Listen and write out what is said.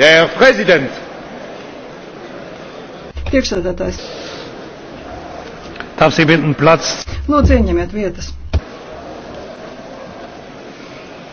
Der Präsident. Priekšsēdētājs. Darf Sie bitten Platz? Lūdzu, ieņemiet vietas.